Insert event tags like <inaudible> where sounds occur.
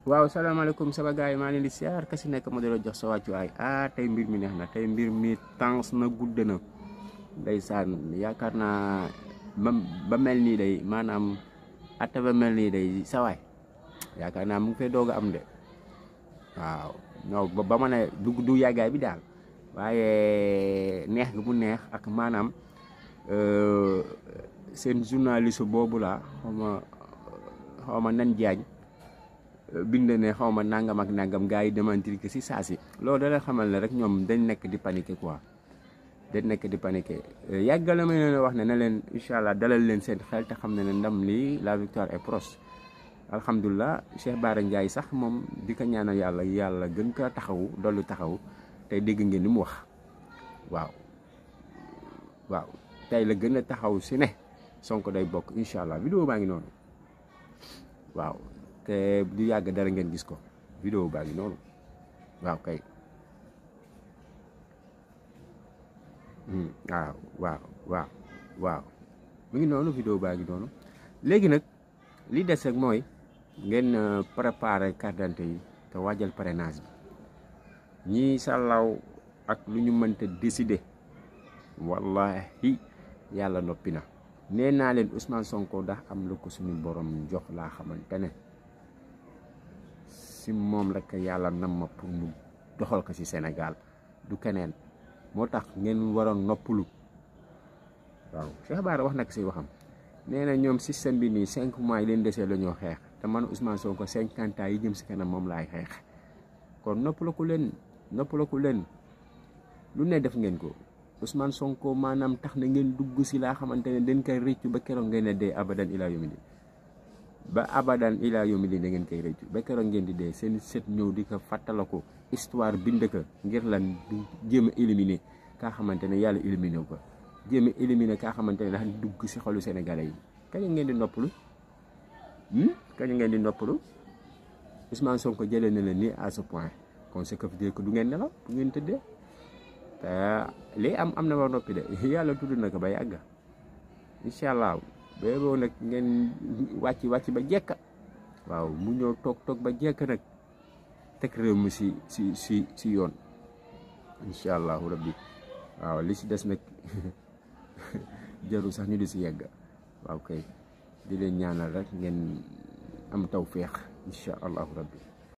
waaw salaamaaleykum sama gars yi maa leen di siyaar kasi nekk ma dala jox sa wàccuwaay ah tey mbir mi neex na tey mbir mi tans na gudd na ndeysaan yaakaar naa ba mel nii day maanaam atta ba mel nii day sawaay yaakaar naa mu ngi fay doog a am de waaw non ba ma ne du yàggaay bi daal waaye neex gi mu neex ak maanaam euh, seen journaliste boobu laa xaw ma xaw ma nan jaañ bind ne xaw ma nangam ak nangam gars yi démentir que si saa si loolu dala xamal ne rek ñoom dañ nekk di paniquer quoi dañ nekk di paniquer euh, yàggala ma leen wax ne na leen incha allah dalal leen seen xel te xam ne ne ndam lii la victoire est proche alhamdulilah Cheikh Bara Ndiaye sax moom di ko ñaanal yàlla yàlla gën ko taxawu doolu taxaw tey dégg ngeen ni mu wax waaw waaw tey la gën a taxaw si ne Sonko day bokk incha allah vidéo baa ngi noonu waaw te du yàgg dara ngeen gis ko vidéo baa ngi noonu waaw kay hmm, mu ngi noonu vidéo baa ngi noonu léegi nag li des mooy ngeen euh, préparer carte yi te waajal parrainage bi ñii sàllaw ak lu ñu mënta décider wallahi yàlla noppi na nee naa leen Ousmane Sonko ndax am la ko suñu borom jox laa xamante ne si moom la ko yàlla nam ma pour mu doxal ko si Sénégal du keneen moo tax ngeen waroon noppalu waaw Cheikh Bara wax nak ko si waxam nee ñoom système bi nii cinq mois yi leen desee la ñoo xeex te man Ousmane Sonko cinquante ans yi jëm si kanam moom laay xeex kon noppalaku leen noppalaku leen lu ne def ngeen ko Ousmane Sonko maanaam tax na ngeen dugg si laa xamante ne dañ koy rëccu ba keroog ngeen ne dee abadan ilaa yawmi ba abadan ilaa yomi di da ngeen koy rëccu ba keroog ngeen di dee seen set ñëw di ko ko histoire bind ko ngir la jéem a éliminer kaa xamante ne yàlla éliminer ko jéem a éliminer kaa xamante ne dafa dugg si xolu Sénégalais yi kañ ngeen di noppalu hmm? kañ ngeen di noppalu Ousmane Sonko jëlee na la nii à ce point kon ce que veut dire du ngeen nelaw bu ngeen tëddee li am am na ba noppi de <laughs> yàlla tudd na ko ba yàgg incha allah. béyboo nag ngeen wàcc wàcc ba jekka waaw mu ñëw toog toog ba jekka nag teg réew mi si si si si yoon incha allahu rabbi waaw li si des nag <laughs> jarul sax ñu di si yegg waaw kay di leen ñaanal rek ngeen am tawféex incha allahu rabbi